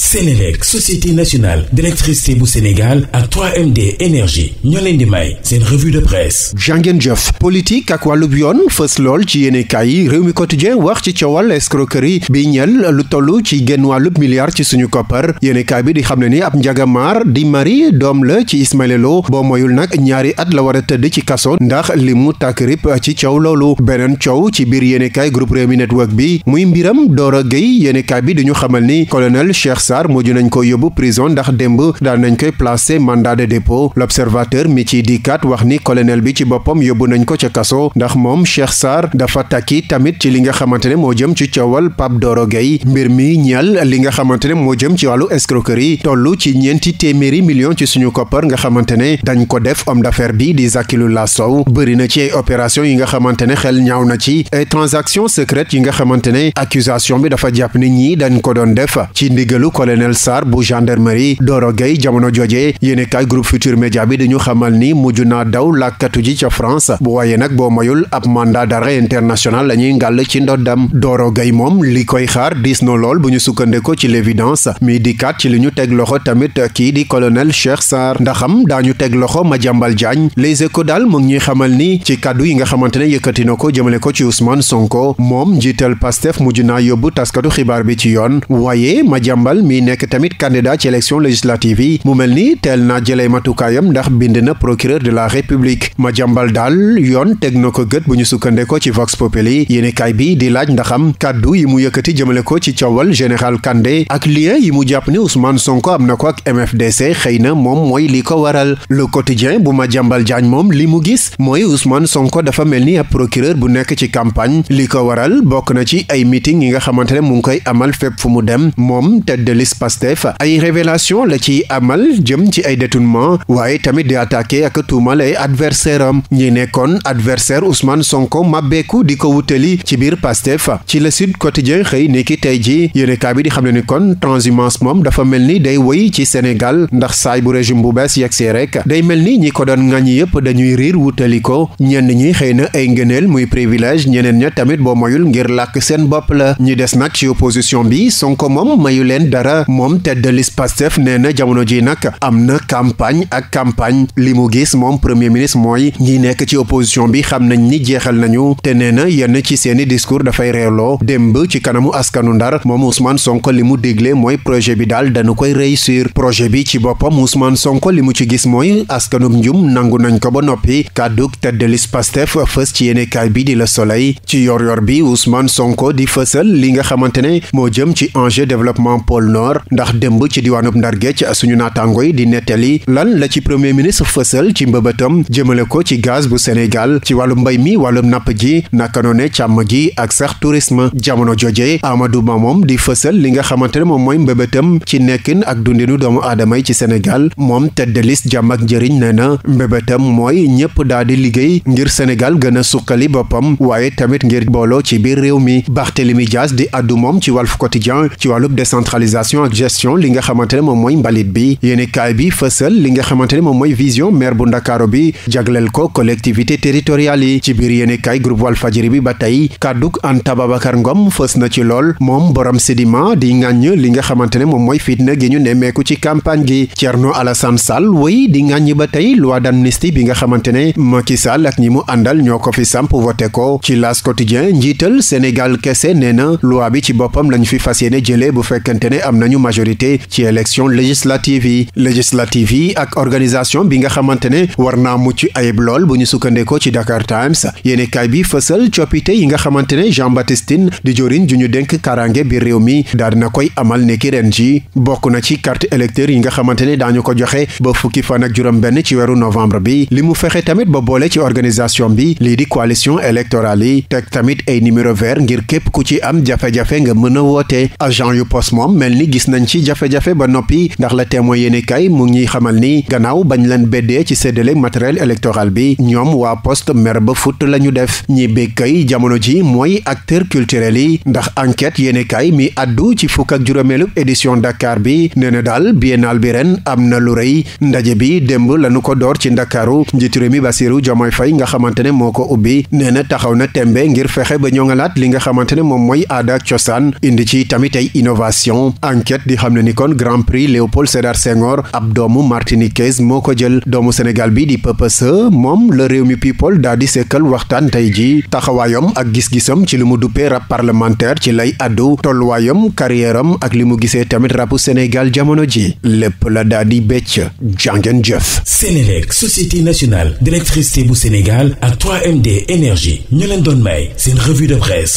Sénélec société nationale d'électricité bu Sénégal ak 3MD énergie ñoo leen di may seen revue de presse jàngeen jëf politique ak wàllub yoon fës lool ci yéenekaay yi réew mi quotidien wax ci coowal escroquerie bi ñel lu toll ci genn wàllub milliard ci suñu koppar yéenekaay bi di xam ne ni ab njagamaar di mari doom la ci Ismaïla Lo boo moyul nag ñaari at la war a tëdd ci kaso ndax li mu tàkk rip ci coow loolu beneen cow ci biir yéenekaay group Rewmi network bi muy mbiram Dora Gueye yéenekaay bi di moo mujj nañ ko yóbbu prison ndax démb daal nañ koy placé mandat de dépôt l' observateur mi ciy dikkaat wax ni colonel bi ci boppam yóbbu nañ ko ca kaso ndax moom Cheikh Sarr dafa takki tamit ci li nga xamante ne moo jëm ci coowal Pape Doro Gueye mbir mi ñeel li nga xamante ne moo jëm ci wàllu escroquerie toll ci ñeenti téeméeri million ci suñu koppar nga xamante ne dañ ko def homme d'affaires bi di Zakilullah Sow bëri na ci ay opération yi nga xamante ne xel ñaaw na ci ay transaction secrète yi nga xamante ne accusation bi dafa jàpp ni ñi dañ ko doon def ci colonel Sarr bu gendarmerie Doro Gueye jamono jooje yéenekaay groupe Futur Média bi dañu xamal ni mujj na daw làkkatu ji ca France bu waaye nag boo mayul ab mandat d'arrêt international la ñuy ngàll ci ndoddam dooro gay moom li koy xaar diis na lool bu ñu sukkandeko ci l'évidence mii di kat ci li ñu teg loxo tamit kii di colonel Cheikh Sarr ndaxam daañu teg loxo Madiambal Diagne Les Échos daal mu ñuy xamal ni ci kàddu yi nga xamante ne yëkkati na ko jëmale ko ci Ousmane Sonko moom njiital Pastef mujj naa yóbbu taskatu xibaar bi ci yoon Sall mi nekk tamit candidat ci élection législative yi mu mel ni teel naa jëlee matukaayam ndax bind na procureur de la république ma jàmbal daal yoon teg na ko gët bu ñu sukkandeko ci Vox Populi yéeni kaay bi di laaj ndaxam kàddu yi mu yëkkati jëmale ko ci coowal général Kandé ak lien yi mu jàpp ni Ousmane Sonko am na ko ak MFDC xëy na moom mooy li ko waral le quotidien bu ma jàmbal jaañ moom li mu gis mooy Ousmane Sonko dafa mel ni ab procureur bu nekk ci campagne li ko waral bokk na ci ay meeting yi nga xamante ne mu ngi koy amal fépp mu dem de liste Pastef ay révélation la ci amal jëm ci ay détournement waaye tamit di attaqué ak tuumal ay adversaire am ñi nekkoon adversaire Ousmane Sonko mabbeeku di ko wutali ci biir Pastef ci le Sud Quotidien xëy ni ki tey ji kaa bi di xam ne ni kon transhumance moom dafa mel ni day woy ci Sénégal ndax saay bu régime bu bees yegsee rek day mel ni ñi ko doon ngañ yëpp dañuy riir wutali ko ñenn ñi xëy na ay ngëneel muy privilège ñeneen ña tamit boo mayul ngir làkk seen bopp la ñi des nag bi dara moom tête de liste nee na jamono ji nag am na campagne ak campagne li mu gis moom premier ministre mooy ñi nekk ci opposition bi xam nañ ni jeexal nañu te nee na yenn ci seeni discours dafay reeloo démb ci kanamu askanu ndar moom Ousmane Sonko li mu dégle mooy projet bi daal dañu koy réussir projet bi ci boppam Ousmane Sonko li mu ci gis mooy askanum njum nangu nañ ko ba noppi kàddug tête de liste Pastef fës ci yéenekaay bi di la Soleil ci yor yor bi Ousmane Sonko di fësal li nga xamante ne moo jëm ci enjeu développement pôle Gueule ndax démb ci diwaanub Ndar Géej suñu naataango yi di nettali lan la ci premier ministre fësal ci mbëbëtam jëmale ko ci gaz bu Sénégal ci wàllu mbay mi wàllum napp ji naka noone càmm gi ak sax tourisme jamono jooje Amadou Ba moom di fësal li nga xamante ne moom mooy mbébétam ci nekkin ak dundinu doomu aadama yi ci Sénégal moom tête de liste jàmm ak njëriñ nee na mbëbëtam mooy ñëpp daal di liggéey ngir Sénégal gën a suqali boppam waaye tamit ngir mbooloo ci biir réew mi Barthélémy Dias di addu moom ci Walf Quotidien ci wàllub décentralisation organisation li nga xamante ne moom mooy mbalit bi yéeni kaay bi fësal li nga xamante ne moom mooy vision maire bu ndakaaru bi jagleel ko collectivité territoriale yi ci biir yéeni kaay groupe Walfadjri bi ba tey kàdduk Anta Babacar Ngom fës na ci lool moom borom sédiment di ŋàññ li nga xamante ne moom mooy fitna gi ñu nemmeeku ci campagne gi Thierno Alassane Sall wéy di ŋàññ ba tey loi d'amnistie bi nga xamante ne Macky Sall ak ñi mu àndal ñoo ko fi samp wote ko ci L'As Quotidien njiital Sénégal kese nee na loi bi ci boppam lañ am nañu majorité ci élection législative yi législative yi ak organisation bi nga xamante ne war naa mucc ayib lool bu ñu sukkandekoo ci Dakar Times yéenekaay bi fësal coppite yi nga xamante ne Jean Baptiste di jorin ju ñu dénk karange bi réew mi daal dina koy amal niki ren ji bokk na ci carte électeur yi nga xamante ne daañu ko joxe ba fukki fan ak juróom benn ci weeru novembre bi li mu fexe tamit ba boole ci organisation bi lii di coalition électorale yi teg tamit ay numéro vert ngir képp ku ci am jafe nga mën a woote agent yu poste moom ni gis nañ ci jafe-jafe ba noppi ndax la témoin yéene kay mu ngi xamal ni gannaaw bañ leen beddee ci séddale matériel électoral bi ñoom waa poste mer ba fut la ñu def ñi kay jamono ji mooy acteur culturel yi ndax enquête yéene kay mi addu ci fukk ak juróomeelu édition Dakar bi nee na daal biennale bi ren am na lu rey ndaje bi démb lañu ko door ci ndakaaru njiitu réew mi Bassirou Diomaye Faye nga xamante ne moo ko ubbi nee na taxaw na tembe ngir fexe ba ñoŋalaat li nga xamante ne moom mooy aada ak cosaan indi ci tamit ay innovation enquête di xam ne ni kon grand prix Léopold Sédar Senghor ab doomu martiniquaise moo ko jël doomu Sénégal bi di PPSE moom la réew mi people daal di sekkal waxtaan tey ji taxawaayam ak gis-gisam ci li mu duppee rap parlementaire ci lay addu tolluwaayam carrière am ak li mu gisee tamit rapu Sénégal jamono ji lépp la daal di bécc jàngeen jëf Sénélec société nationale d'électricité bu Sénégal ak md énergie ñu leen doon may seen revue de presse